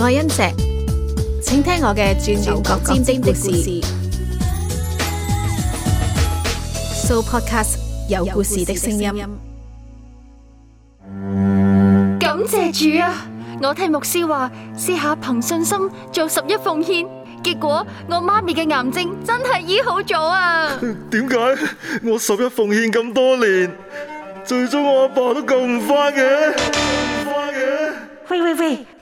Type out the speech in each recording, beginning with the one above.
愛恩石，請聽我嘅轉轉角尖丁的故事。So podcast 有故事的聲音。感謝主啊！我聽牧師話，試下憑信心做十一奉獻，結果我媽咪嘅癌症真係醫好咗啊！點解？我十一奉獻咁多年，最終我阿爸都救唔返嘅，救唔返嘅。喂喂喂！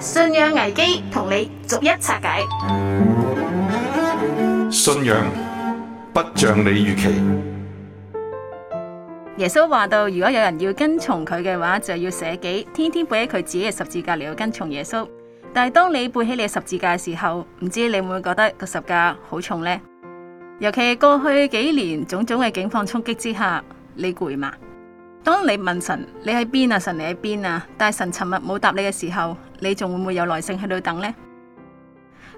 信仰危機同你逐一拆解。信仰不像你預期。耶穌話到：如果有人要跟從佢嘅話，就要捨己，天天背起佢自己嘅十字架嚟，要跟從耶穌。但係當你背起你嘅十字架嘅時候，唔知你會唔會覺得個十字架好重呢？尤其係過去幾年種種嘅境況衝擊之下，你攰嘛？當你問神：你喺邊啊？神你喺邊啊？但係神尋日冇答你嘅時候。你仲會唔會有耐性喺度等呢？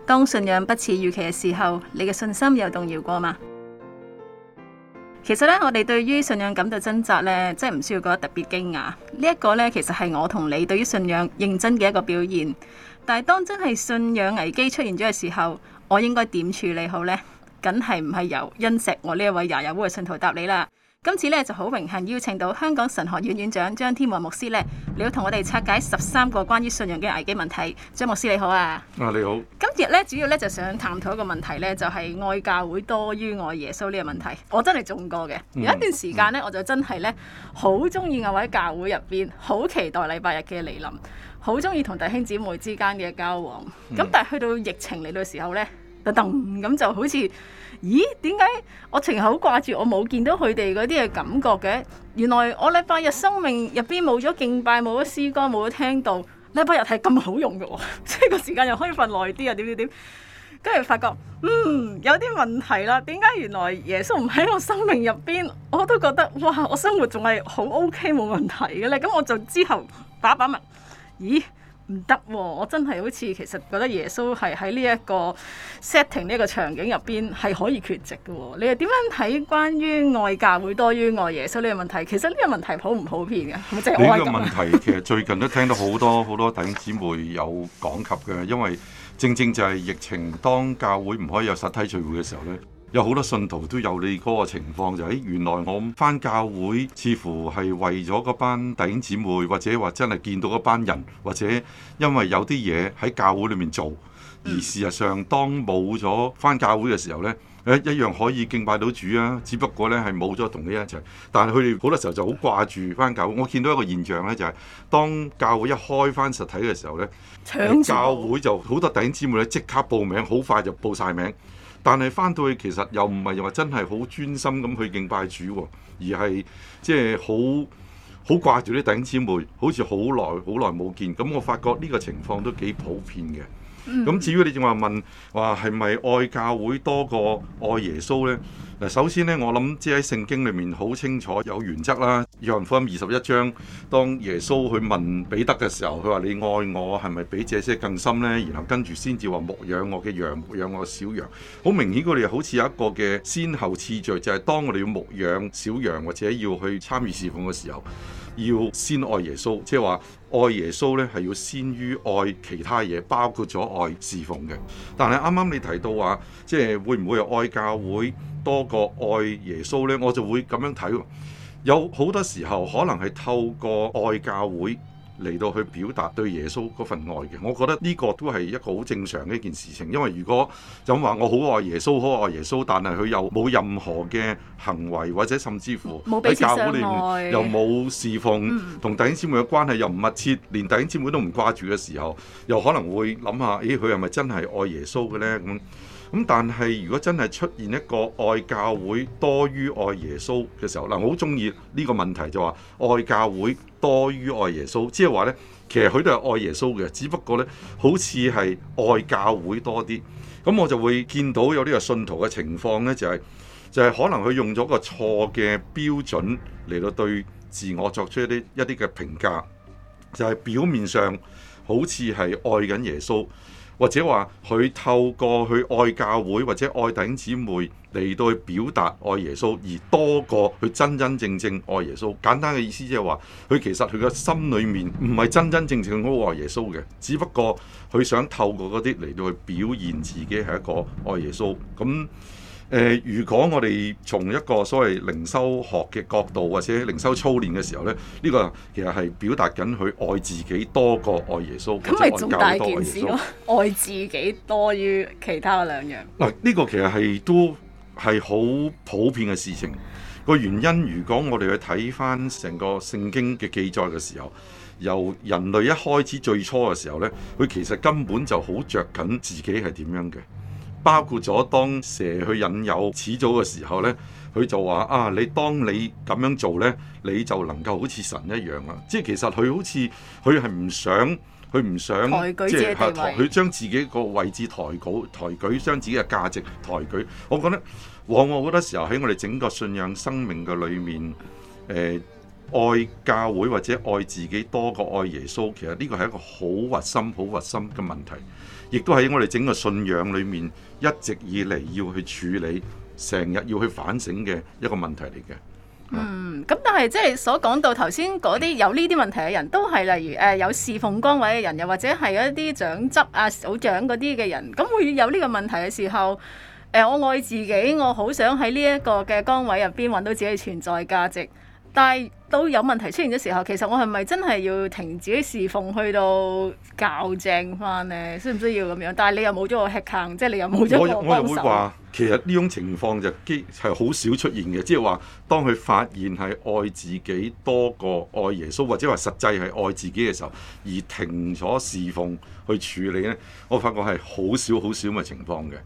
當信仰不似預期嘅時候，你嘅信心有動搖過嘛？其實咧，我哋對於信仰感到掙扎咧，真係唔需要覺得特別驚訝。這個、呢一個咧，其實係我同你對於信仰認真嘅一個表現。但係當真係信仰危機出現咗嘅時候，我應該點處理好呢？梗係唔係由恩石我呢一位牙牙烏嘅信徒答你啦。今次咧就好榮幸邀請到香港神學院院長張天望牧師咧，要同我哋拆解十三個關於信仰嘅危機問題。張牧師你好啊！啊你好！今日咧主要咧就想探討一個問題咧，就係、是、愛教會多於愛耶穌呢個問題。我真係中過嘅，嗯、有一段時間咧，我就真係咧好中意我喺教會入邊，好期待禮拜日嘅來臨，好中意同弟兄姊妹之間嘅交往。咁、嗯、但係去到疫情嚟到嘅時候咧，噔噔咁就好似～咦？點解我情口掛住我冇見到佢哋嗰啲嘅感覺嘅？原來我禮拜日生命入邊冇咗敬拜，冇咗詩歌，冇咗聽到禮拜日係咁好用嘅喎、哦， 即係個時間又可以瞓耐啲啊！點點點，跟住發覺嗯有啲問題啦。點解原來耶穌唔喺我生命入邊，我都覺得哇！我生活仲係好 O K 冇問題嘅咧。咁我就之後把把問，咦？唔得喎！我真係好似其實覺得耶穌係喺呢一個 setting 呢一個場景入邊係可以缺席嘅喎、哦。你又點樣睇關於愛教會多於愛耶穌呢個問題？其實呢個問題普唔普遍嘅，即係？你呢個問題其實最近都聽到好多好 多弟兄姊妹有講及嘅，因為正正就係疫情當教會唔可以有實體聚會嘅時候咧。有好多信徒都有你嗰個情況，就係原來我翻教會，似乎係為咗嗰班弟兄姊妹，或者話真係見到嗰班人，或者因為有啲嘢喺教會裏面做，而事實上當冇咗翻教會嘅時候呢，誒一樣可以敬拜到主啊，只不過呢係冇咗同你一齊。但係佢哋好多時候就好掛住翻教會。我見到一個現象呢，就係當教會一開翻實體嘅時候呢，咧，教會就好多弟兄姊妹咧即刻報名，好快就報晒名。但係返到去其實又唔係話真係好專心咁去敬拜主喎，而係即係好好掛住啲弟兄姊妹，好似好耐好耐冇見。咁我發覺呢個情況都幾普遍嘅。咁、嗯、至於你仲話問話係咪愛教會多過愛耶穌呢？嗱，首先呢，我諗即係聖經裏面好清楚有原則啦。約翰福音二十一章，當耶穌去問彼得嘅時候，佢話：你愛我係咪比這些更深呢？」然後跟住先至話牧養我嘅羊，牧養我小羊。好明顯，佢哋好似有一個嘅先後次序，就係、是、當我哋要牧養小羊或者要去參與事奉嘅時候。要先愛耶穌，即係話愛耶穌咧，係要先於愛其他嘢，包括咗愛侍奉嘅。但係啱啱你提到話，即係會唔會有愛教會多過愛耶穌呢？我就會噉樣睇，有好多時候可能係透過愛教會。嚟到去表達對耶穌嗰份愛嘅，我覺得呢個都係一個好正常嘅一件事情。因為如果就咁話，我好愛耶穌，好愛耶穌，但係佢又冇任何嘅行為，或者甚至乎喺教會又冇侍奉，同弟兄姊妹嘅關係又唔密切，連弟兄姊妹都唔掛住嘅時候，又可能會諗下，「咦、哎，佢係咪真係愛耶穌嘅呢？」咁咁，但係如果真係出現一個愛教會多於愛耶穌嘅時候，嗱，我好中意呢個問題就話愛教會。多於愛耶穌，即係話呢，其實佢都係愛耶穌嘅，只不過呢，好似係愛教會多啲。咁我就會見到有呢個信徒嘅情況呢，就係就係可能佢用咗個錯嘅標準嚟到對自我作出一啲一啲嘅評價，就係表面上好似係愛緊耶穌。或者話佢透過去愛教會或者愛弟兄姊妹嚟到去表達愛耶穌，而多過佢真真正正愛耶穌。簡單嘅意思即係話，佢其實佢嘅心裏面唔係真真正正好愛耶穌嘅，只不過佢想透過嗰啲嚟到去表現自己係一個愛耶穌咁。誒、呃，如果我哋從一個所謂靈修學嘅角度，或者靈修操練嘅時候咧，呢個其實係表達緊佢愛自己多過愛耶穌，或者愛教多過耶穌，噉咪大件事囉！啊、愛自己多於其他兩樣。嗱、呃，呢個其實係都係好普遍嘅事情。個原因，如果我哋去睇翻成個聖經嘅記載嘅時候，由人類一開始最初嘅時候呢，佢其實根本就好着緊自己係點樣嘅。包括咗當蛇去引誘始祖嘅時候呢，佢就話，啊，你當你咁樣做呢，你就能夠好似神一樣啦。即係其實佢好似佢係唔想，佢唔想即係佢將自己個位置抬高、抬舉，將自己嘅價值抬舉。我覺得往往好多時候喺我哋整個信仰生命嘅裏面，誒、呃、愛教會或者愛自己多過愛耶穌，其實呢個係一個好核心、好核心嘅問題。亦都喺我哋整個信仰裏面一直以嚟要去處理，成日要去反省嘅一個問題嚟嘅。啊、嗯，咁但係即係所講到頭先嗰啲有呢啲問題嘅人都係例如誒、呃、有侍奉崗位嘅人，又或者係一啲長執啊、首長嗰啲嘅人，咁會有呢個問題嘅時候，誒、呃、我愛自己，我好想喺呢一個嘅崗位入邊揾到自己嘅存在價值，但係，到有問題出現嘅時候，其實我係咪真係要停止啲侍奉去到校正翻呢？需唔需要咁樣？但係你又冇咗個吃撐，即係你又冇咗。我，我又會話，其實呢種情況就係好少出現嘅。即係話，當佢發現係愛自己多過愛耶穌，或者話實際係愛自己嘅時候，而停咗侍奉去處理呢，我發覺係好少好少嘅情況嘅。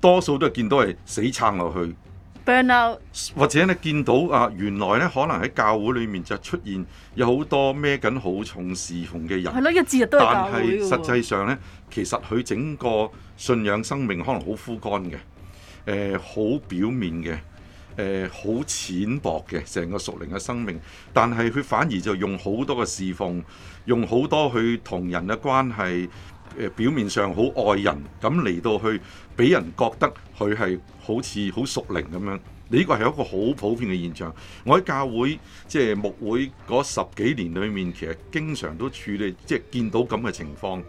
多數都係見到係死撐落去。Burn 或者你見到啊，原來咧可能喺教會裏面就出現有好多孭緊好重侍奉嘅人，但係實際上呢，其實佢整個信仰生命可能好枯乾嘅，誒、呃、好表面嘅，誒、呃、好淺薄嘅，成個屬靈嘅生命，但係佢反而就用好多個侍奉，用好多去同人嘅關係，誒、呃、表面上好愛人，咁嚟到去。俾人覺得佢係好似好熟靈咁樣，呢個係一個好普遍嘅現象。我喺教會即係牧會嗰十幾年裏面，其實經常都處理即係見到咁嘅情況。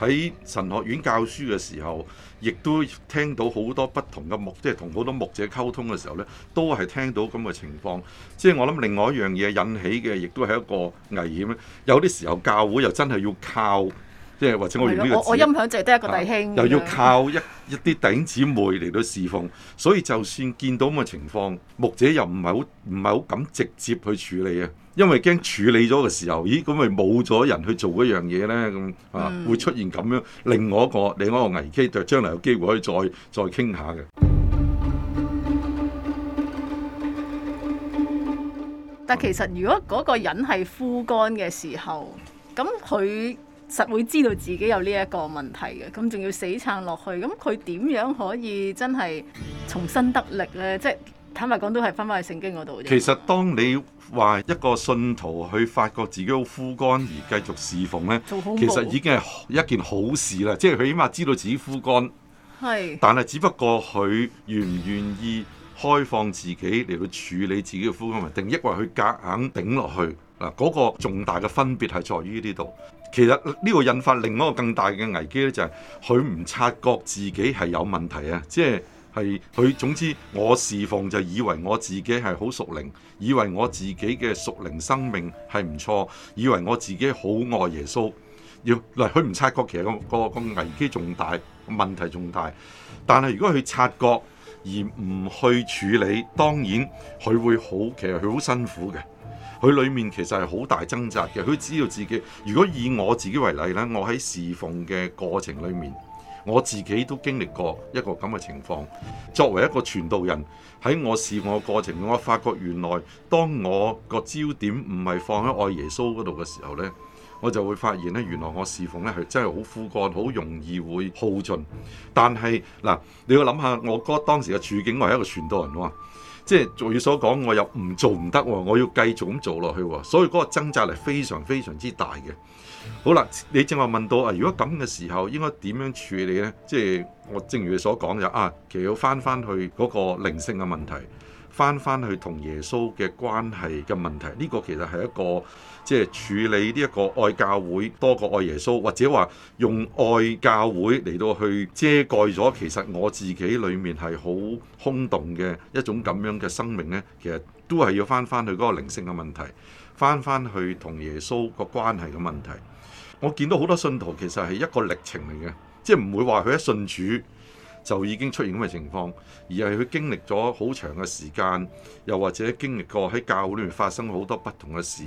喺神學院教書嘅時候，亦都聽到好多不同嘅牧，即係同好多牧者溝通嘅時候呢都係聽到咁嘅情況。即係我諗另外一樣嘢引起嘅，亦都係一個危險。有啲時候教會又真係要靠。即係或者我用呢個字，我我音響就係得一個弟兄，又要靠一一啲頂姊妹嚟到侍奉，所以就算見到咁嘅情況，牧者又唔係好唔係好敢直接去處理啊，因為驚處理咗嘅時候，咦，咁咪冇咗人去做嗰樣嘢咧咁啊，會出現咁樣另外一個另外一個危機，就將來有機會可以再再傾下嘅。但係其實如果嗰個人係枯乾嘅時候，咁佢。實會知道自己有呢一個問題嘅，咁仲要死撐落去，咁佢點樣可以真係重新得力呢？即係坦白講，都係翻返去聖經嗰度。其實當你話一個信徒去發覺自己好枯乾而繼續侍奉呢，其實已經係一件好事啦。即係佢起碼知道自己枯乾，係是，但係只不過佢願唔願意開放自己嚟到處理自己嘅枯乾，定抑或佢夾硬頂落去？嗱，嗰個重大嘅分別係在於呢度。其實呢個引發另外一個更大嘅危機咧，就係佢唔察覺自己係有問題啊！即係係佢總之，我侍奉就以為我自己係好屬靈，以為我自己嘅屬靈生命係唔錯，以為我自己好愛耶穌。要嚟佢唔察覺，其實個個個危機重大，問題重大。但係如果佢察覺而唔去處理，當然佢會好，其實佢好辛苦嘅。佢裏面其實係好大掙扎嘅。佢知道自己，如果以我自己為例呢，我喺侍奉嘅過程裏面，我自己都經歷過一個咁嘅情況。作為一個傳道人，喺我侍奉嘅過程，我發覺原來當我個焦點唔係放喺愛耶穌嗰度嘅時候呢，我就會發現呢，原來我侍奉呢係真係好枯乾，好容易會耗盡。但係嗱，你要諗下，我哥當時嘅處境係一個傳道人喎。即係俗語所講，我又唔做唔得喎，我要繼續咁做落去喎，所以嗰個掙扎係非常非常之大嘅。好啦，你正話問到啊，如果咁嘅時候應該點樣處理咧？即係我正如你所講就啊，其實要翻翻去嗰個靈性嘅問題。翻翻去同耶穌嘅關係嘅問題，呢、這個其實係一個即係、就是、處理呢一個愛教會多過愛耶穌，或者話用愛教會嚟到去遮蓋咗其實我自己裏面係好空洞嘅一種咁樣嘅生命呢，其實都係要翻翻去嗰個靈性嘅問題，翻翻去同耶穌個關係嘅問題。我見到好多信徒其實係一個歷程嚟嘅，即係唔會話佢一信主。就已經出現咁嘅情況，而係佢經歷咗好長嘅時間，又或者經歷過喺教會裏面發生好多不同嘅事，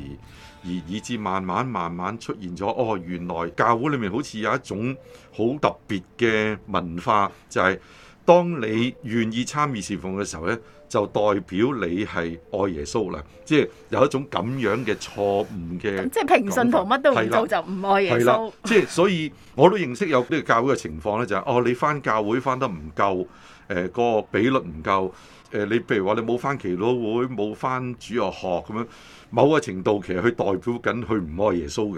而以至慢慢慢慢出現咗。哦，原來教會裏面好似有一種好特別嘅文化，就係、是、當你願意參與事奉嘅時候呢，就代表你係愛耶穌啦，即係有一種咁樣嘅錯誤嘅，即係平信徒乜都唔做就唔愛耶穌。 即係所以我都認識有呢啲教會嘅情況咧、就是，就係哦你翻教會翻得唔夠，誒、呃、個比率唔夠，誒、呃、你譬如話你冇翻祈禱會，冇翻主日學咁樣，某個程度其實佢代表緊佢唔愛耶穌嘅。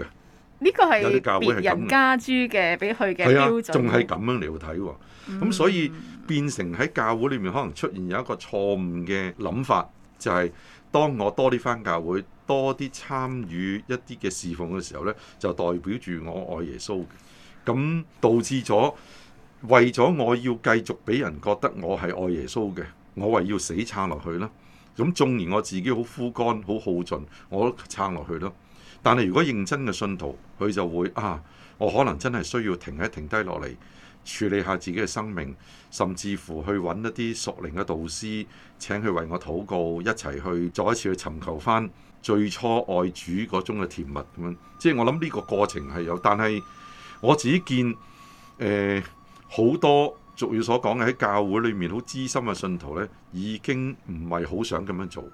呢個係有啲教會係人家加諸嘅，俾佢嘅標準仲係咁樣嚟睇喎。咁、嗯、所以。變成喺教會裏面可能出現有一個錯誤嘅諗法，就係當我多啲返教會，多啲參與一啲嘅侍奉嘅時候呢，就代表住我愛耶穌嘅。咁導致咗為咗我要繼續俾人覺得我係愛耶穌嘅，我為要死撐落去啦。咁縱然我自己好枯乾、好耗盡，我都撐落去囉。但係如果認真嘅信徒，佢就會啊，我可能真係需要停一停低落嚟。處理下自己嘅生命，甚至乎去揾一啲屬靈嘅導師，請佢為我禱告，一齊去再一次去尋求翻最初愛主嗰種嘅甜蜜咁樣。即係我諗呢個過程係有，但係我自己見誒好、呃、多俗語所講嘅喺教會裏面好資深嘅信徒呢，已經唔係好想咁樣做。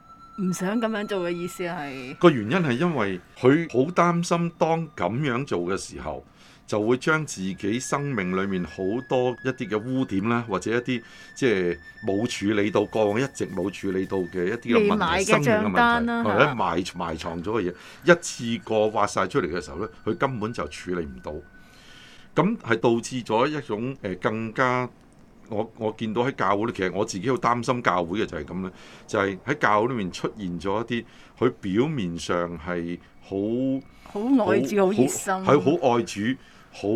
唔想咁樣做嘅意思係個原因係因為佢好擔心當咁樣做嘅時候，就會將自己生命裏面好多一啲嘅污點啦，或者一啲即係冇處理到，過往一直冇處理到嘅一啲嘅問題，單啊、生命嘅問題，或者的埋埋藏咗嘅嘢，一次過挖晒出嚟嘅時候咧，佢根本就處理唔到。咁係導致咗一種誒更加，我我見到喺教會咧，其實我自己好擔心教會嘅就係咁啦，就係、是、喺教會裏面出現咗一啲佢表面上係好好愛主，好熱心，佢好愛主。好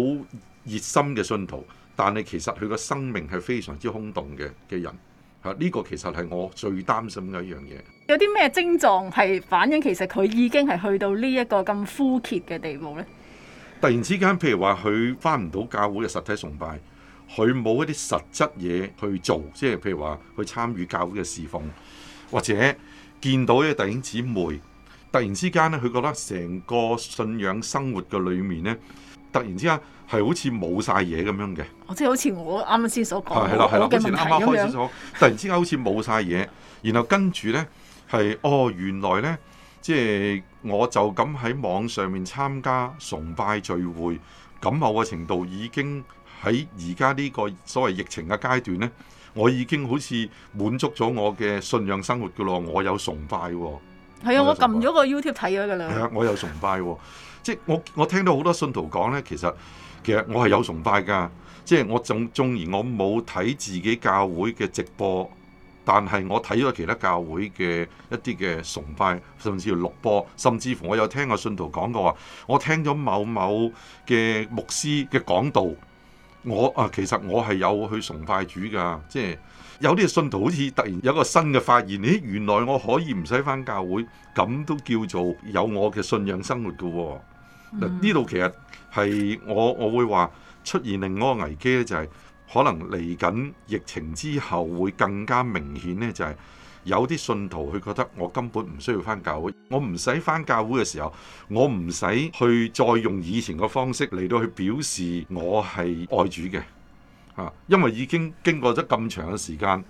熱心嘅信徒，但係其實佢個生命係非常之空洞嘅嘅人，嚇、這、呢個其實係我最擔心嘅一樣嘢。有啲咩症狀係反映其實佢已經係去到呢一個咁枯竭嘅地步呢？突然之間，譬如話佢返唔到教會嘅實體崇拜，佢冇一啲實質嘢去做，即係譬如話去參與教會嘅侍奉，或者見到一個弟兄姊妹，突然之間咧，佢覺得成個信仰生活嘅裏面呢。突然之間係好似冇晒嘢咁樣嘅，即係好似我啱啱先所講啱、啊啊啊、問題咁樣。 突然之間好似冇晒嘢，然後跟住咧係哦，原來咧即係我就咁喺網上面參加崇拜聚會，咁某個程度已經喺而家呢個所謂疫情嘅階段咧，我已經好似滿足咗我嘅信仰生活嘅咯，我有崇拜喎、哦。係啊，我撳咗個 YouTube 睇咗㗎啦。係 啊，我有崇拜喎、哦。即我我聽到好多信徒講呢，其實其實我係有崇拜㗎，即係我仲仲然我冇睇自己教會嘅直播，但係我睇咗其他教會嘅一啲嘅崇拜，甚至乎錄播，甚至乎我有聽過信徒講過話，我聽咗某某嘅牧師嘅講道，我啊其實我係有去崇拜主㗎，即係有啲信徒好似突然有個新嘅發現，咦，原來我可以唔使返教會，咁都叫做有我嘅信仰生活㗎喎、哦。呢度、嗯、其實係我我會話出現另一個危機咧，就係可能嚟緊疫情之後會更加明顯咧，就係有啲信徒佢覺得我根本唔需要翻教會，我唔使翻教會嘅時候，我唔使去再用以前嘅方式嚟到去表示我係愛主嘅，嚇，因為已經經過咗咁長嘅時間，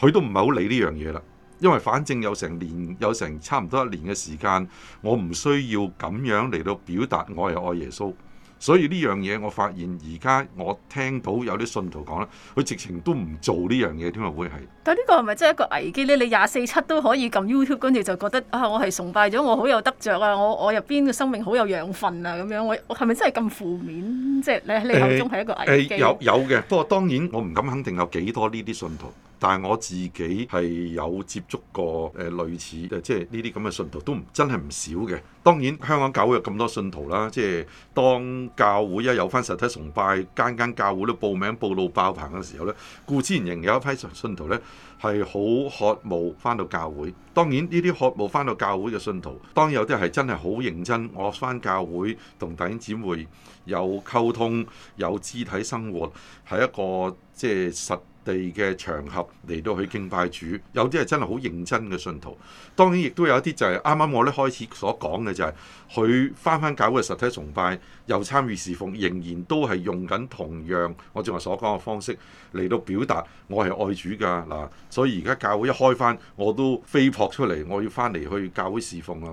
佢都唔係好理呢樣嘢啦。因為反正有成年有成差唔多一年嘅時間，我唔需要咁樣嚟到表達我係愛耶穌，所以呢樣嘢我發現而家我聽到有啲信徒講咧，佢直情都唔做呢樣嘢添啊，會係。但係呢個係咪真係一個危機呢？你廿四七都可以撳 YouTube，跟住就覺得啊，我係崇拜咗，我好有得着啊！我我入邊嘅生命好有養分啊！咁樣，我我係咪真係咁負面？即係你喺、呃、你口中係一個危機。呃呃、有有嘅，不過當然我唔敢肯定有幾多呢啲信徒。但係我自己係有接觸過誒類似嘅，即係呢啲咁嘅信徒都真係唔少嘅。當然香港教會有咁多信徒啦，即係當教會一有翻實體崇拜，間間教會都報名報到爆棚嘅時候呢，故之然仍然有一批信徒呢係好渴慕翻到教會。當然呢啲渴慕翻到教會嘅信徒，當有啲係真係好認真，我翻教會同弟兄姊妹有溝通，有肢體生活，係一個即係實。地嘅場合嚟到去敬拜主，有啲係真係好認真嘅信徒。當然亦都有一啲就係啱啱我咧開始所講嘅，就係佢翻翻教會實體崇拜，又參與侍奉，仍然都係用緊同樣我正話所講嘅方式嚟到表達我係愛主噶，嗱，所以而家教會一開翻，我都飛撲出嚟，我要翻嚟去教會侍奉啊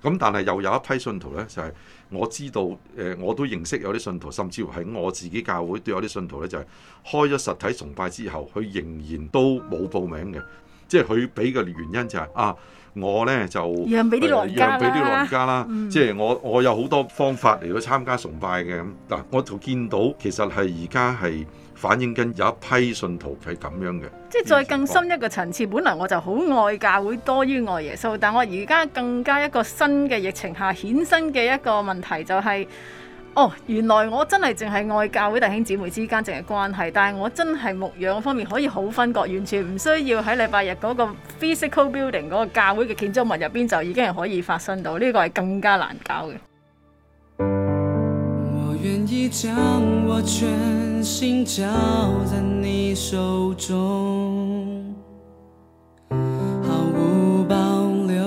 咁咁，但係又有一批信徒呢，就係、是。我知道，誒、呃，我都認識有啲信徒，甚至乎係我自己教會都有啲信徒咧，就係、是、開咗實體崇拜之後，佢仍然都冇報名嘅，即係佢俾嘅原因就係、是、啊，我呢，就讓俾啲老人家啦，即係我我有好多方法嚟到參加崇拜嘅咁嗱，我就見到其實係而家係。反映緊有一批信徒係咁樣嘅，即係再更深一個層次。本來我就好愛教會多於愛耶穌，但我而家更加一個新嘅疫情下衍生嘅一個問題就係、是，哦，原來我真係淨係愛教會弟兄姊妹之間淨係關係，但係我真係牧養方面可以好分割，完全唔需要喺禮拜日嗰個 physical building 嗰個教會嘅建築物入邊就已經係可以發生到。呢、這個係更加難搞嘅。我願意將我全心交在你手中，毫無保留，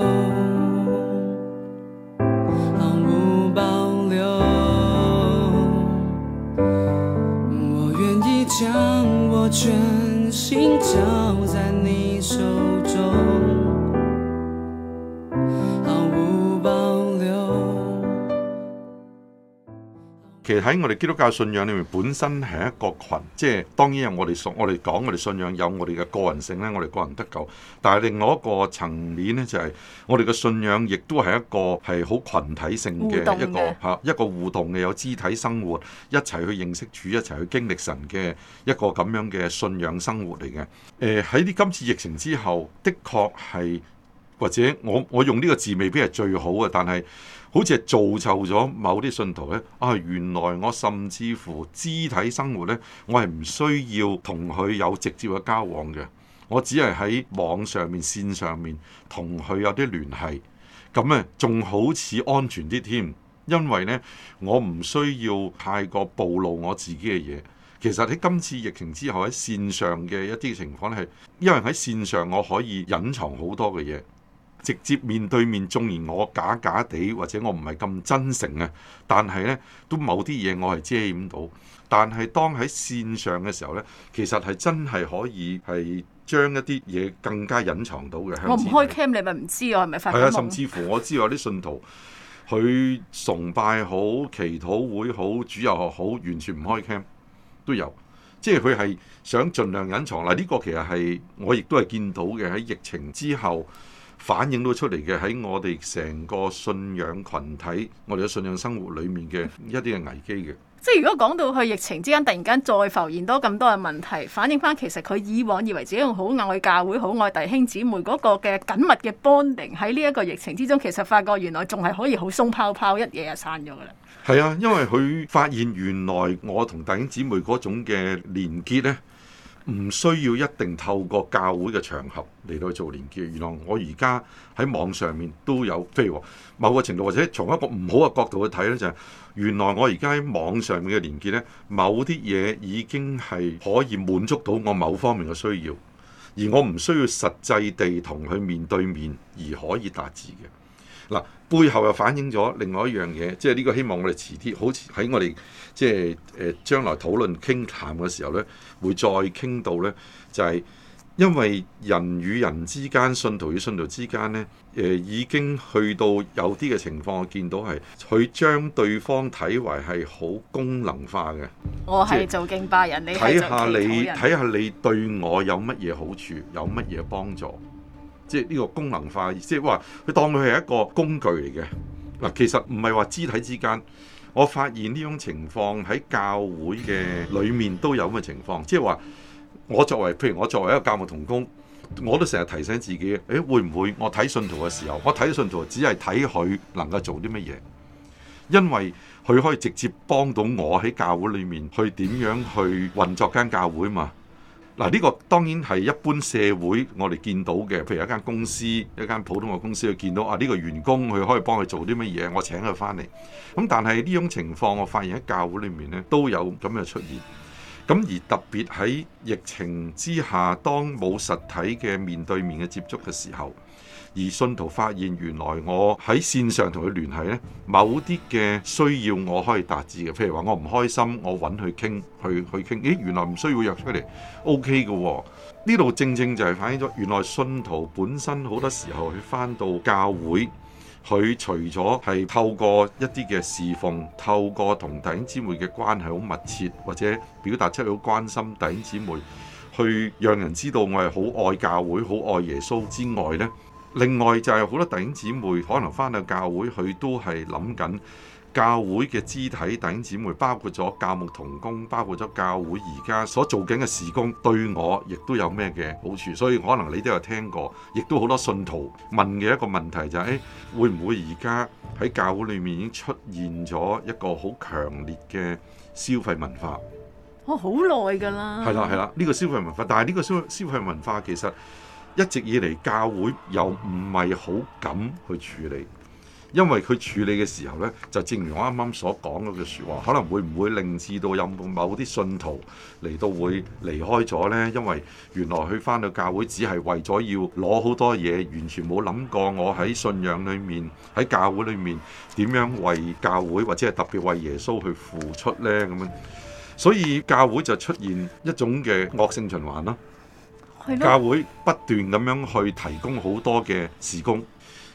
毫無保留。我願意將我全心交。喺我哋基督教信仰裏面，本身係一個群，即係當然有我哋信，我哋講我哋信仰有我哋嘅個人性咧，我哋個人得救。但係另外一個層面咧，就係我哋嘅信仰亦都係一個係好群體性嘅一個吓一個互動嘅，有肢體生活，一齊去認識主，一齊去經歷神嘅一個咁樣嘅信仰生活嚟嘅。誒，喺啲今次疫情之後，的確係或者我我用呢個字未必係最好嘅，但係。好似係造就咗某啲信徒呢啊，原來我甚至乎肢體生活呢，我係唔需要同佢有直接嘅交往嘅，我只係喺網上面、線上面同佢有啲聯繫，咁呢仲好似安全啲添，因為呢，我唔需要太過暴露我自己嘅嘢。其實喺今次疫情之後，喺線上嘅一啲情況咧，係因為喺線上我可以隱藏好多嘅嘢。直接面對面，縱然我假假地，或者我唔係咁真誠啊，但係呢，都某啲嘢我係遮掩到。但係當喺線上嘅時候呢，其實係真係可以係將一啲嘢更加隱藏到嘅是。我唔開 cam，你咪唔知我係咪發問？係啊，甚至乎我知有啲信徒佢崇拜好、祈禱會好、主日學好，完全唔開 cam 都有，即係佢係想盡量隱藏。嗱，呢個其實係我亦都係見到嘅喺疫情之後。反映到出嚟嘅喺我哋成個信仰群體，我哋嘅信仰生活裏面嘅一啲嘅危機嘅、嗯。即係如果講到去疫情之間突然間再浮現多咁多嘅問題，反映翻其實佢以往以為自己用好愛教會好愛弟兄姊妹嗰個嘅緊密嘅 bonding 喺呢一個疫情之中，其實發覺原來仲係可以好鬆泡泡，一嘢就散咗噶啦。係啊，因為佢發現原來我同弟兄姊妹嗰種嘅連結咧。唔需要一定透過教會嘅場合嚟到做連結，原來我而家喺網上面都有譬如話，某個程度，或者從一個唔好嘅角度去睇呢就係、是、原來我而家喺網上面嘅連結呢，某啲嘢已經係可以滿足到我某方面嘅需要，而我唔需要實際地同佢面對面而可以達致嘅。嗱。背後又反映咗另外一樣嘢，即係呢個希望我哋遲啲，好似喺我哋即係誒將來討論傾談嘅時候呢，會再傾到呢，就係因為人與人之間、信徒與信徒之間呢，誒已經去到有啲嘅情況，我見到係佢將對方睇為係好功能化嘅。我係做敬拜人，你睇下你睇下你對我有乜嘢好處，有乜嘢幫助？即係呢個功能化，即係話佢當佢係一個工具嚟嘅。嗱，其實唔係話肢體之間。我發現呢種情況喺教會嘅裏面都有咁嘅情況，即係話，我作為譬如我作為一個教牧同工，我都成日提醒自己，誒、哎，會唔會我睇信徒嘅時候，我睇信徒只係睇佢能夠做啲乜嘢，因為佢可以直接幫到我喺教會裏面去點樣去運作間教會嘛。嗱，呢、啊這個當然係一般社會我哋見到嘅，譬如一間公司、一間普通嘅公司，佢見到啊呢、這個員工佢可以幫佢做啲乜嘢，我請佢翻嚟。咁、嗯、但係呢種情況，我發現喺教會裏面咧都有咁嘅出現。咁、嗯、而特別喺疫情之下，當冇實體嘅面對面嘅接觸嘅時候。而信徒發現原來我喺線上同佢聯繫呢某啲嘅需要我可以達至嘅，譬如話我唔開心，我揾佢傾，去去傾，咦原來唔需要約出嚟，OK 嘅喎、哦。呢度正正就係反映咗原來信徒本身好多時候佢返到教會，佢除咗係透過一啲嘅侍奉，透過同弟兄姊妹嘅關係好密切，或者表達出佢好關心弟兄姊妹，去讓人知道我係好愛教會、好愛耶穌之外呢。另外就係好多弟兄姊妹可能翻到教會，佢都係諗緊教會嘅肢體，弟兄姊妹包括咗教牧同工，包括咗教會而家所做緊嘅事工，對我亦都有咩嘅好處。所以可能你都有聽過，亦都好多信徒問嘅一個問題就係：誒，會唔會而家喺教會裏面已經出現咗一個好強烈嘅消費文化？哦，好耐㗎啦。係啦係啦，呢個消費文化，但係呢個消消費文化其實。一直以嚟，教會又唔係好敢去處理，因為佢處理嘅時候呢，就正如我啱啱所講嗰句説話，可能會唔會令至到有某啲信徒嚟到會離開咗呢？因為原來佢返到教會只係為咗要攞好多嘢，完全冇諗過我喺信仰裏面喺教會裏面點樣為教會或者係特別為耶穌去付出呢。咁樣，所以教會就出現一種嘅惡性循環咯。教會不斷咁樣去提供好多嘅事工，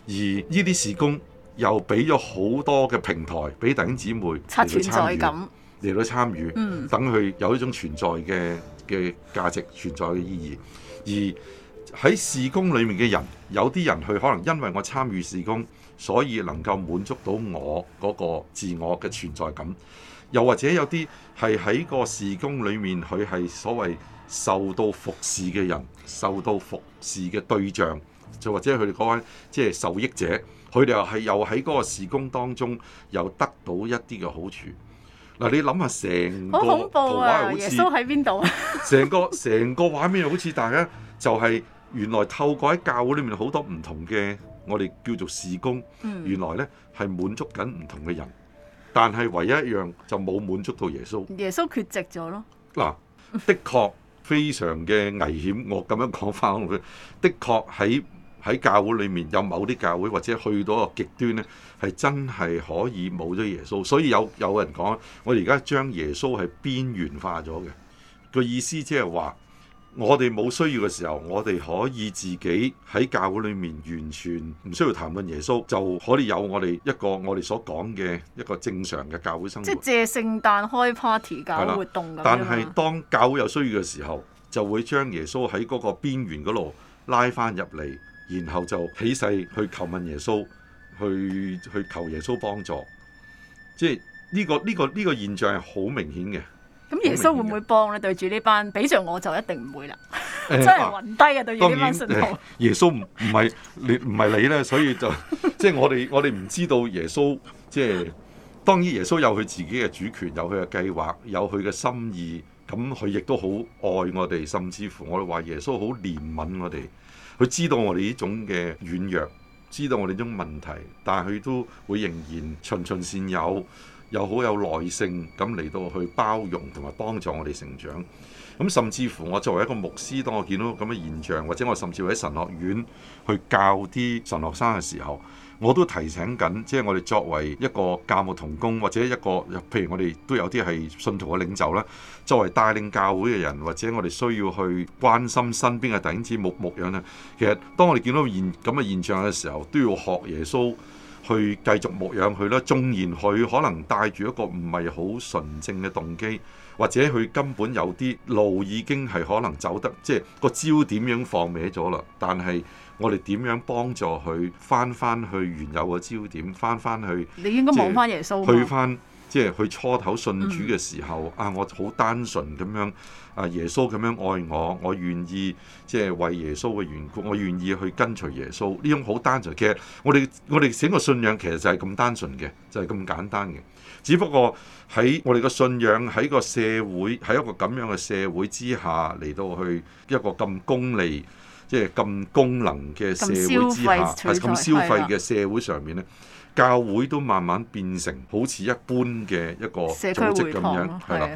而呢啲事工又俾咗好多嘅平台俾弟兄姊妹嚟到參與，嚟到參與，等佢、嗯、有一種存在嘅嘅價值、存在嘅意義。而喺事工裏面嘅人，有啲人佢可能因為我參與事工，所以能夠滿足到我嗰個自我嘅存在感。又或者有啲係喺個事工裏面，佢係所謂，受到服侍嘅人，受到服侍嘅對象，就或者佢哋講緊即係受益者，佢哋又係又喺嗰個事工當中又得到一啲嘅好處。嗱、啊，你諗下成個好恐怖啊！耶穌喺邊度？成 個成個畫面好似大家就係、是、原來透過喺教會裏面好多唔同嘅我哋叫做事工，嗯、原來咧係滿足緊唔同嘅人，但係唯一一樣就冇滿足到耶穌，耶穌缺席咗咯。嗱、啊，的確。非常嘅危險，我咁樣講返，佢的確喺喺教會裏面有某啲教會或者去到一個極端咧，係真係可以冇咗耶穌。所以有有人講，我哋而家將耶穌係邊緣化咗嘅個意思，即係話。我哋冇需要嘅時候，我哋可以自己喺教會裏面完全唔需要談問耶穌，就可以有我哋一個我哋所講嘅一個正常嘅教會生活。即係借聖誕開 party 搞活動。的但係當教會有需要嘅時候，就會將耶穌喺嗰個邊緣嗰度拉翻入嚟，然後就起勢去求問耶穌，去去求耶穌幫助。即係呢個、呢個、呢個現象係好明顯嘅。咁耶穌會唔會幫咧？對住呢班，比著我就一定唔會啦，欸、真係暈低啊！對住呢班信徒，耶穌唔唔係你唔係你咧，所以就即係、就是、我哋 我哋唔知道耶穌即係、就是、當然耶穌有佢自己嘅主權，有佢嘅計劃，有佢嘅心意。咁佢亦都好愛我哋，甚至乎我哋話耶穌好憐憫我哋，佢知道我哋呢種嘅軟弱，知道我哋呢種問題，但係佢都會仍然循循善誘。又好有耐性咁嚟到去包容同埋幫助我哋成長，咁甚至乎我作為一個牧師，當我見到咁嘅現象，或者我甚至喺神學院去教啲神學生嘅時候，我都提醒緊，即係我哋作為一個教牧同工，或者一個譬如我哋都有啲係信徒嘅領袖啦，作為帶領教會嘅人，或者我哋需要去關心身邊嘅弟兄姊妹牧養咧。其實當我哋見到現咁嘅現象嘅時候，都要學耶穌。去繼續牧養佢啦，縱然佢可能帶住一個唔係好純正嘅動機，或者佢根本有啲路已經係可能走得即係、就是、個焦點樣放歪咗啦。但係我哋點樣幫助佢翻翻去原有嘅焦點，翻翻去你應該望翻耶穌去翻。即係去初頭信主嘅時候，嗯、啊，我好單純咁樣，啊，耶穌咁樣愛我，我願意即係為耶穌嘅緣故，我願意去跟隨耶穌。呢種好單純，嘅，我哋我哋整個信仰其實就係咁單純嘅，就係、是、咁簡單嘅。只不過喺我哋個信仰喺個社會喺一個咁樣嘅社會之下嚟到去一個咁功利、即係咁功能嘅社會之下，係咁、就是、消費嘅、啊、社會上面咧。教會都慢慢變成好似一般嘅一個組織咁樣，係啦。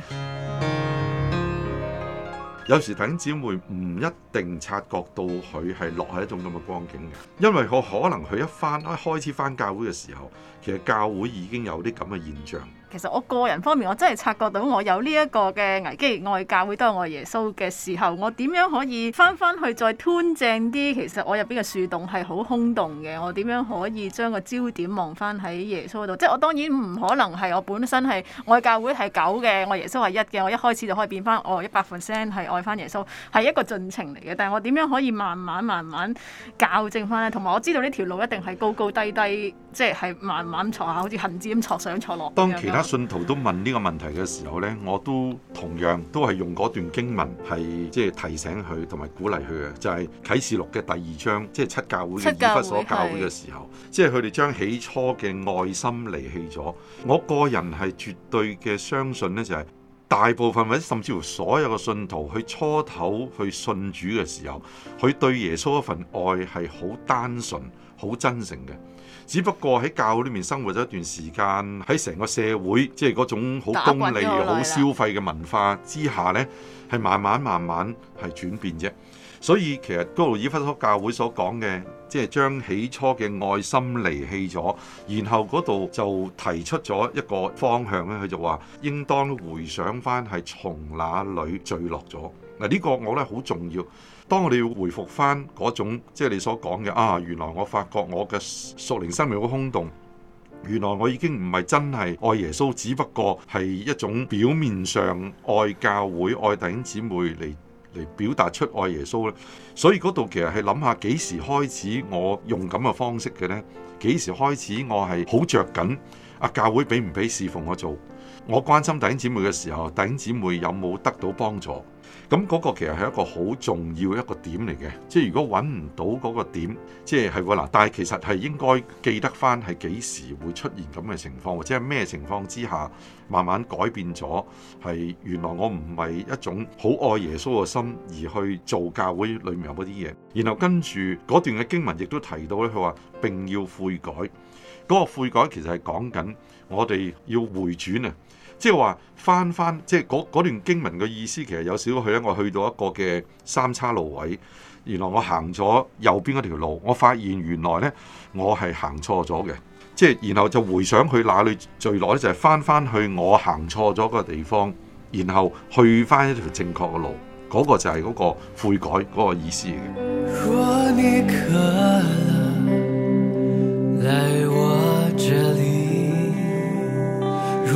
有時弟兄姊妹唔一定察覺到佢係落喺一種咁嘅光景嘅，因為佢可能佢一翻一開始返教會嘅時候，其實教會已經有啲咁嘅現象。其實我個人方面，我真係察覺到我有呢一個嘅危機。愛教會多過愛耶穌嘅時候，我點樣可以翻翻去再㞗正啲？其實我入邊嘅樹洞係好空洞嘅。我點樣可以將個焦點望翻喺耶穌度？即係我當然唔可能係我本身係愛教會係九嘅，愛耶穌係一嘅。我一開始就可以變翻我一百 percent 係愛翻耶穌，係一個進程嚟嘅。但係我點樣可以慢慢慢慢校正翻咧？同埋我知道呢條路一定係高高低低，即係係慢慢坐下，好似行尖咁坐上坐落。坐當其信徒都問呢個問題嘅時候呢，我都同樣都係用嗰段經文係即係提醒佢同埋鼓勵佢嘅，就係、是、啟示錄嘅第二章，即、就、係、是、七教會嘅以弗所教會嘅時候，即係佢哋將起初嘅愛心離棄咗。我個人係絕對嘅相信呢，就係大部分或者甚至乎所有嘅信徒去初頭去信主嘅時候，佢對耶穌一份愛係好單純、好真誠嘅。只不過喺教裏面生活咗一段時間，喺成個社會即係嗰種好功利、好消費嘅文化之下，呢係慢慢、慢慢係轉變啫。所以其實嗰個以弗所教會所講嘅，即係將起初嘅愛心離棄咗，然後嗰度就提出咗一個方向咧。佢就話應當回想返係從哪裏墜落咗嗱，呢個我咧好重要。當我哋要回復翻嗰種，即係你所講嘅啊，原來我發覺我嘅屬靈生命好空洞，原來我已經唔係真係愛耶穌，只不過係一種表面上愛教會、愛弟兄姊妹嚟嚟表達出愛耶穌咧。所以嗰度其實係諗下幾時開始我用咁嘅方式嘅呢？幾時開始我係好着緊教會俾唔俾侍奉我做？我關心弟兄姊妹嘅時候，弟兄姊妹有冇得到幫助？咁嗰個其實係一個好重要一個點嚟嘅，即係如果揾唔到嗰個點，即係係喎嗱，但係其實係應該記得翻係幾時會出現咁嘅情況，或者係咩情況之下慢慢改變咗，係原來我唔係一種好愛耶穌嘅心而去做教會裏面有嗰啲嘢，然後跟住嗰段嘅經文亦都提到咧，佢話並要悔改，嗰個悔改其實係講緊我哋要回轉啊！即係話翻翻，即係嗰段經文嘅意思，其實有少少去咧，我去到一個嘅三叉路位，原來我行咗右邊嗰條路，我發現原來咧我係行錯咗嘅。即係然後就回想去哪裡最耐咧，就係翻翻去我行錯咗個地方，然後去翻一條正確嘅路，嗰個就係嗰個悔改嗰個意思。嘅。若你可。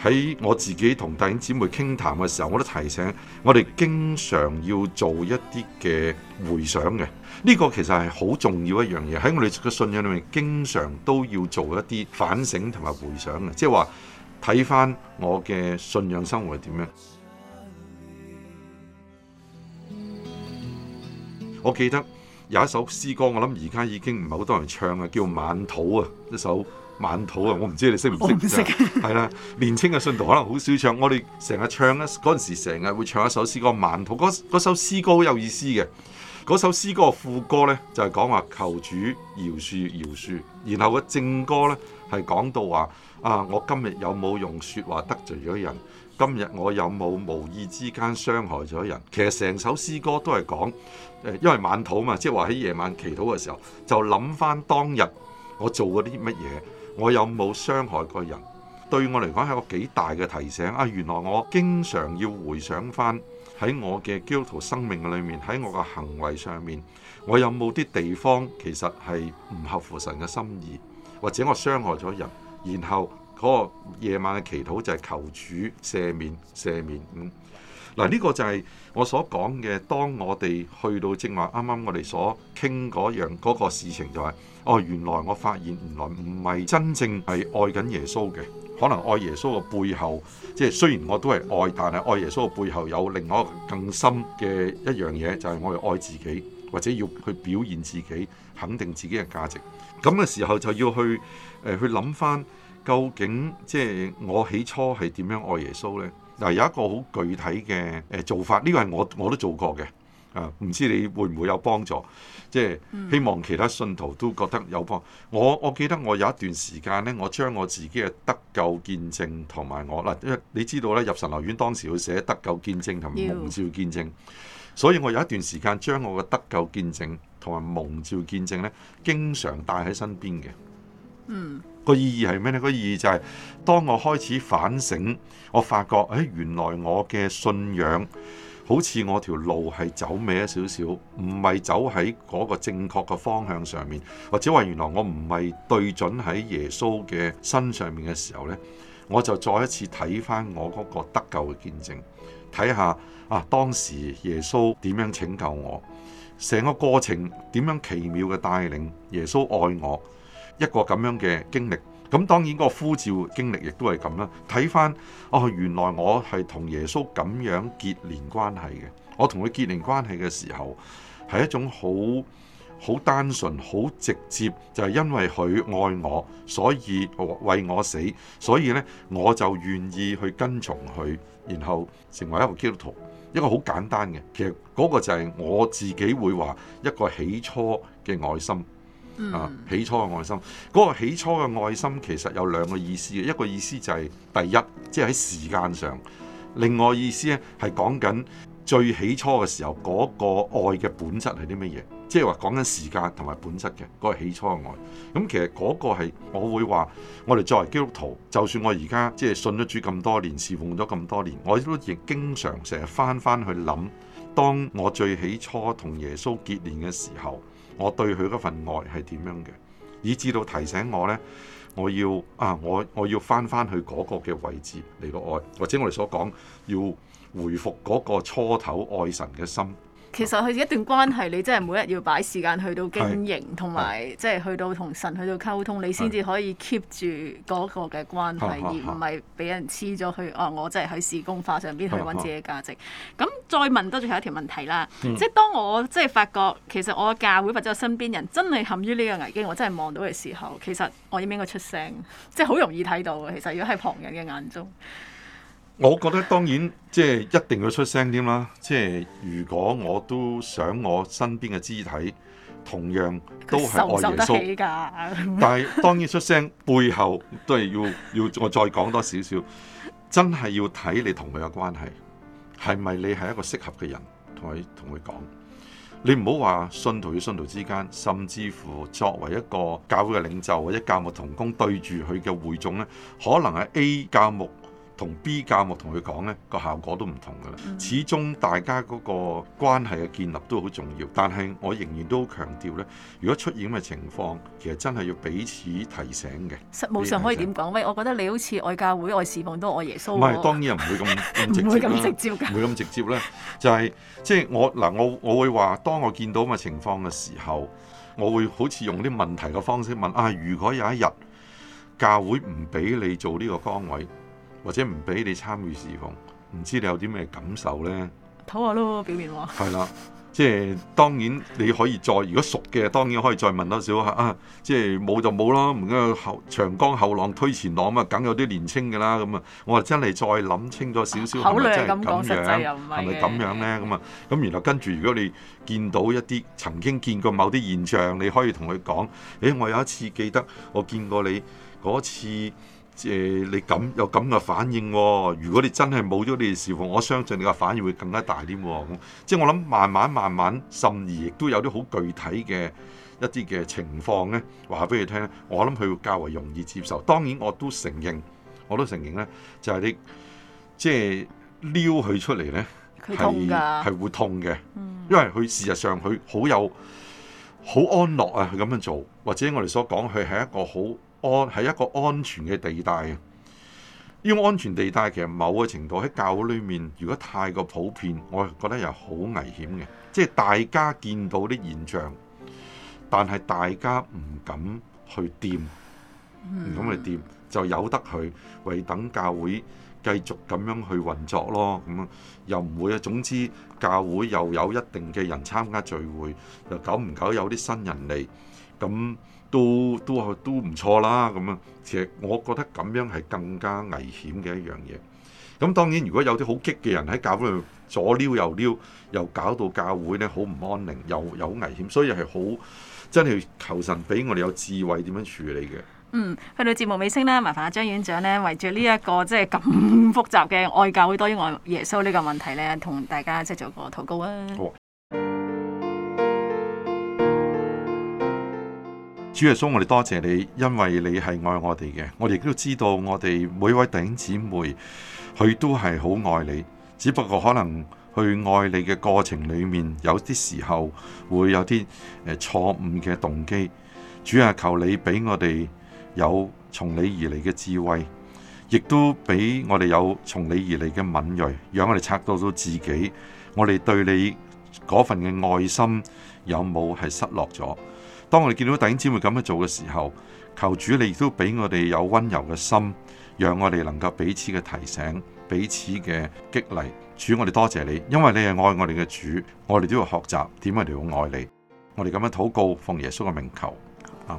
喺我自己同弟兄姊妹傾談嘅時候，我都提醒我哋經常要做一啲嘅回想嘅。呢個其實係好重要一樣嘢。喺我哋嘅信仰裏面，經常都要做一啲反省同埋回想嘅，即係話睇返我嘅信仰生活係點樣。我記得有一首詩歌，我諗而家已經唔係好多人唱嘅，叫《晚土》啊，一首。晚禱啊！我唔知你識唔識，係啦，年輕嘅信徒可能好少唱。我哋成日唱咧，嗰陣時成日會唱一首詩歌《晚禱》，嗰首詩歌好有意思嘅。嗰首詩歌嘅副歌呢，就係、是、講話求主饒恕饒恕，然後個正歌呢，係講到話啊，我今日有冇用説話得罪咗人？今日我有冇無意之間傷害咗人？其實成首詩歌都係講因為晚禱嘛，即係話喺夜晚祈禱嘅時候，就諗翻當日我做嗰啲乜嘢。我有冇傷害過人？對我嚟講係個幾大嘅提醒啊！原來我經常要回想翻喺我嘅基督徒生命嘅裏面，喺我嘅行為上面，我有冇啲地方其實係唔合乎神嘅心意，或者我傷害咗人？然後嗰個夜晚嘅祈禱就係求主赦免、赦免。嗯。嗱，呢個就係我所講嘅。當我哋去到正話啱啱我哋所傾嗰樣嗰、嗰個事情，就係，就係哦，原來我發現原來唔係真正係愛緊耶穌嘅。可能愛耶穌嘅背後，即係雖然我都係愛，但係愛耶穌嘅背後有另外一個更深嘅一樣嘢，就係、係、我係愛自己，或者要去表現自己、肯定自己嘅價值。咁嘅時候就要去誒、呃、去諗翻，究竟即係我起初係點樣愛耶穌呢？嗱，有一個好具體嘅誒做法，呢、這個係我我都做過嘅，啊，唔知你會唔會有幫助？即、就、係、是、希望其他信徒都覺得有幫。我我記得我有一段時間呢，我將我自己嘅得救見證同埋我嗱，因為你知道咧，入神留院當時要寫得救見證同蒙召見證，You. 所以我有一段時間將我嘅得救見證同埋蒙召見證呢，經常帶喺身邊嘅。嗯。Mm. 個意義係咩呢？個意義就係、是、當我開始反省，我發覺誒、哎、原來我嘅信仰好似我條路係走歪少少，唔係走喺嗰個正確嘅方向上面，或者話原來我唔係對準喺耶穌嘅身上面嘅時候呢，我就再一次睇翻我嗰個得救嘅見證，睇下啊當時耶穌點樣拯救我，成個過程點樣奇妙嘅帶領，耶穌愛我。一個咁樣嘅經歷，咁當然個呼召經歷亦都係咁啦。睇翻哦，原來我係同耶穌咁樣結連關係嘅。我同佢結連關係嘅時候，係一種好好單純、好直接，就係因為佢愛我，所以為我死，所以呢，我就願意去跟從佢，然後成為一個基督徒，一個好簡單嘅。其實嗰個就係我自己會話一個起初嘅愛心。啊！嗯、起初嘅愛心，嗰、那個起初嘅愛心其實有兩個意思嘅，一個意思就係第一，即係喺時間上；另外意思咧，係講緊最起初嘅時候嗰、那個愛嘅本質係啲乜嘢，即係話講緊時間同埋本質嘅嗰個起初嘅愛。咁、嗯、其實嗰個係我會話，我哋作為基督徒，就算我而家即係信咗主咁多年，侍奉咗咁多年，我都亦經常成日返返去諗，當我最起初同耶穌結連嘅時候。我對佢嗰份愛係點樣嘅，以至到提醒我咧，我要啊，我我要返返去嗰個嘅位置嚟到愛，或者我哋所講要回復嗰個初頭愛神嘅心。其實佢一段關係，你真係每日要擺時間去到經營，同埋即係去到同神去到溝通，你先至可以 keep 住嗰個嘅關係，是而唔係俾人黐咗去。哦是、啊啊，我真係喺事工化上邊去搵自己價值。咁再問多最後一條問題啦，即係當我即係發覺其實我嘅教會或者我身邊人真係陷於呢個危機，我真係望到嘅時候，其實我應唔應該出聲？即係好容易睇到嘅，其實如果喺旁人嘅眼中。我覺得當然即係一定要出聲，點啦！即、就、係、是、如果我都想我身邊嘅肢體同樣都係愛耶穌，受受，但係當然出聲背後都係要要，我再講多少少，真係要睇你同佢嘅關係係咪你係一個適合嘅人同佢同佢講。你唔好話信徒與信徒之間，甚至乎作為一個教會嘅領袖或者教牧同工對住佢嘅會眾呢可能係 A 教牧。同 B 教牧同佢講呢個效果都唔同噶啦。嗯、始終大家嗰個關係嘅建立都好重要，但係我仍然都強調呢如果出現咁嘅情況，其實真係要彼此提醒嘅。實務上可以點講？喂，我覺得你好似愛教會、愛事奉都愛耶穌。唔係是我當然唔會咁唔會咁直接㗎。唔 會咁直接咧，就係即係我嗱，我我，我，我會話，當我見到咁嘅情況嘅時候，我會好似用啲問題嘅方式問啊。如果有一日教會唔俾你，你做呢個崗位？或者唔俾你參與侍奉，唔知你有啲咩感受呢？唞下咯，表面話。係 啦，即係當然你可以再，如果熟嘅當然可以再問多少下啊，即係冇就冇啦，唔該後長江後浪推前浪嘛，梗有啲年青嘅啦，咁啊，我真係再諗清楚少少，係咪真係咁樣？係咪咁樣呢？咁啊的，咁、嗯、然後跟住如果你見到一啲曾經見過某啲現象，你可以同佢講，誒、欸，我有一次記得我見過你嗰次。誒、呃，你咁有咁嘅反應喎、哦？如果你真係冇咗你嘅視覺，我相信你嘅反應會更加大啲喎、哦。咁即係我諗，慢慢慢慢，甚而亦都有啲好具體嘅一啲嘅情況咧，話俾你聽。我諗佢會較為容易接受。當然，我都承認，我都承認咧，就係、是、你即係撩佢出嚟咧，係係會痛嘅，嗯、因為佢事實上佢好有好安樂啊，佢咁樣做，或者我哋所講佢係一個好。安係一個安全嘅地帶啊！呢個安全地帶其實某個程度喺教會裏面，如果太過普遍，我覺得又好危險嘅。即係大家見到啲現象，但係大家唔敢去掂，唔敢去掂就由得佢，為等教會繼續咁樣去運作咯。咁樣啊，又唔會啊。總之教會又有一定嘅人參加聚會，又久唔久有啲新人嚟，咁。都都係都唔錯啦，咁啊，其實我覺得咁樣係更加危險嘅一樣嘢。咁當然，如果有啲好激嘅人喺教會度左撩右撩，又搞到教會咧好唔安寧，又有危險，所以係好真係求神俾我哋有智慧點樣處理嘅。嗯，去到節目尾聲啦，麻煩張院長呢，圍住呢一個即係咁複雜嘅愛教會多於愛耶穌呢個問題呢，同大家即係做個禱告啊。主耶穌，我哋多謝、謝你，因為你係愛我哋嘅。我哋亦都知道，我哋每位弟兄姊妹，佢都係好愛你，只不過可能去愛你嘅過程裏面，有啲時候會有啲誒、呃、錯誤嘅動機。主啊，求你俾我哋有從你而嚟嘅智慧，亦都俾我哋有從你而嚟嘅敏銳，讓我哋察到到自己，我哋對你嗰份嘅愛心有冇係失落咗。當我哋見到弟兄姊妹咁樣做嘅時候，求主你亦都俾我哋有温柔嘅心，讓我哋能夠彼此嘅提醒，彼此嘅激勵。主，我哋多謝你，因為你係愛我哋嘅主，我哋都要學習點樣嚟去愛你。我哋咁樣禱告，奉耶穌嘅名求，阿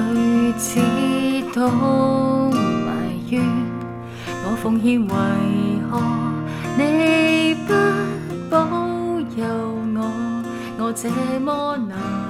每次都埋怨，我奉獻，為何你不保佑我？我這麼難。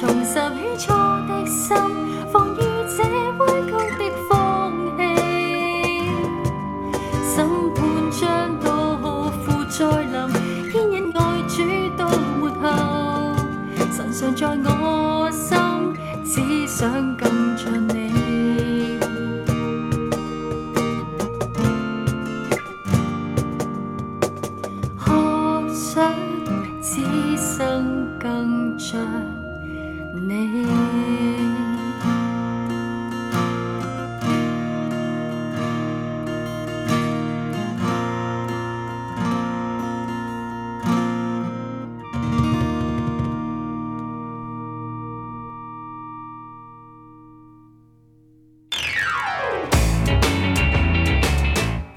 重拾。